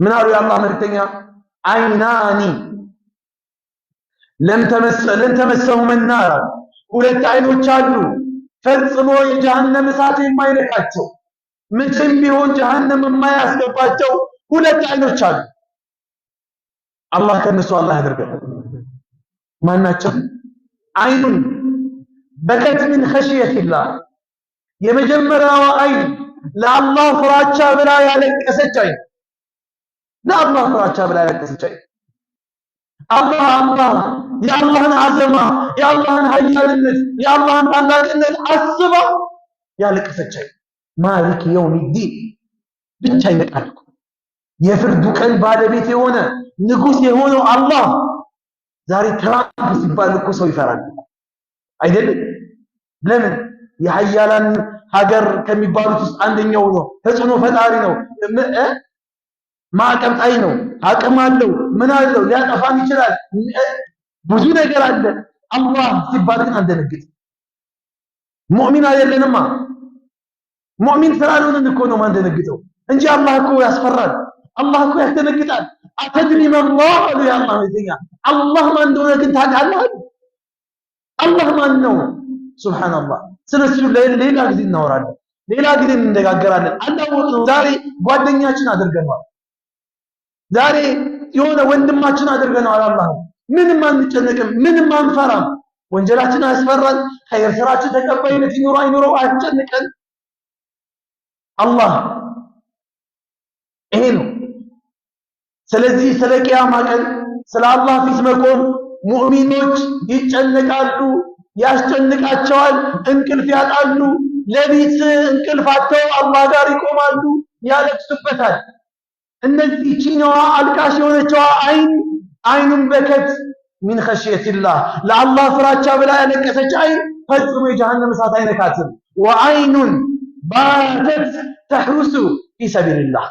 ምን አሉ የአላህ መልክተኛ? አይናኒ ለን ተመሰሁመና ሁለት አይኖች አሉ ፈጽሞ የጀሃነም እሳት የማይነካቸው መቼም ቢሆን ጀሃነም የማያስገባቸው ሁለት አይኖች አሉ። አላህ ከነሱ አላህ ያደርገን። ማናቸው? አይኑን በቀት ምን ኸሽየቲላህ የመጀመሪያዋ አይን ለአላህ ፍራቻ ብላ ያለቀሰች አይን ለአላህ ፍራቻ ብላ ያለቀሰች አይ አላህ አላህ የአላህን አዘማ የአላህን ኃያልነት የአላህን ታላቅነት አስባ ያለቀሰች አይ ማሊክ የውሚዲን ብቻ ይበቃል የፍርዱ ቀን ባለቤት የሆነ ንጉስ የሆነው አላህ ዛሬ ትራምፕ ሲባል እኮ ሰው ይፈራል አይደለም ለምን የሀያላን ሀገር ከሚባሉት ውስጥ አንደኛው ነው ተጽዕኖ ፈጣሪ ነው ጣይ ነው፣ አቅም አለው፣ ምን አለው፣ ሊያጠፋም ይችላል፣ ብዙ ነገር አለ። አላህ ሲባል ግን አንደነግጥ። ሙእሚን አይደለንማ። ሙእሚን ስላልሆንን እኮ ነው ማንደነግጠው እንጂ አላህ እኮ ያስፈራል። አላህ እኮ ያስደነግጣል። አተድሪ መላህ አሉ የአላህ መልእክተኛ፣ አላህ ማን እንደሆነ ግን ታውቃለህ? አላህ ማን ነው? ሱብሃንአላህ። ስለዚህ ሌላ ጊዜ እናወራለን፣ ሌላ ጊዜ እንነጋገራለን። አላወቅነው ዛሬ ጓደኛችን አድርገነዋል። ዛሬ የሆነ ወንድማችን አድርገነዋል። አላህ ምንም አንጨነቅም፣ ምንም አንፈራም። ወንጀላችን አያስፈራን። ኸይር ስራችን ተቀባይነት ይኑረው አይኑሮ አያስጨንቀን። አላህ ይሄ ነው። ስለዚህ ስለ ቅያማ ቀን ስለ አላህ ፊት መቆም ሙእሚኖች ይጨነቃሉ፣ ያስጨንቃቸዋል፣ እንቅልፍ ያጣሉ። ለቤት እንቅልፍ አጥተው አላህ ጋር ይቆማሉ፣ ያለቅሱበታል። እነዚህ ቺኛዋ አልቃሽ የሆነችዋ አይን አይኑን በከት ሚን ኸሽየቲላህ ለአላህ ፍራቻ ብላ ያለቀሰች አይን ፈጽሞ የጀሃነም እሳት አይነካትም። ወአይኑን ባተት ተሕሩሱ ፊ ሰቢልላህ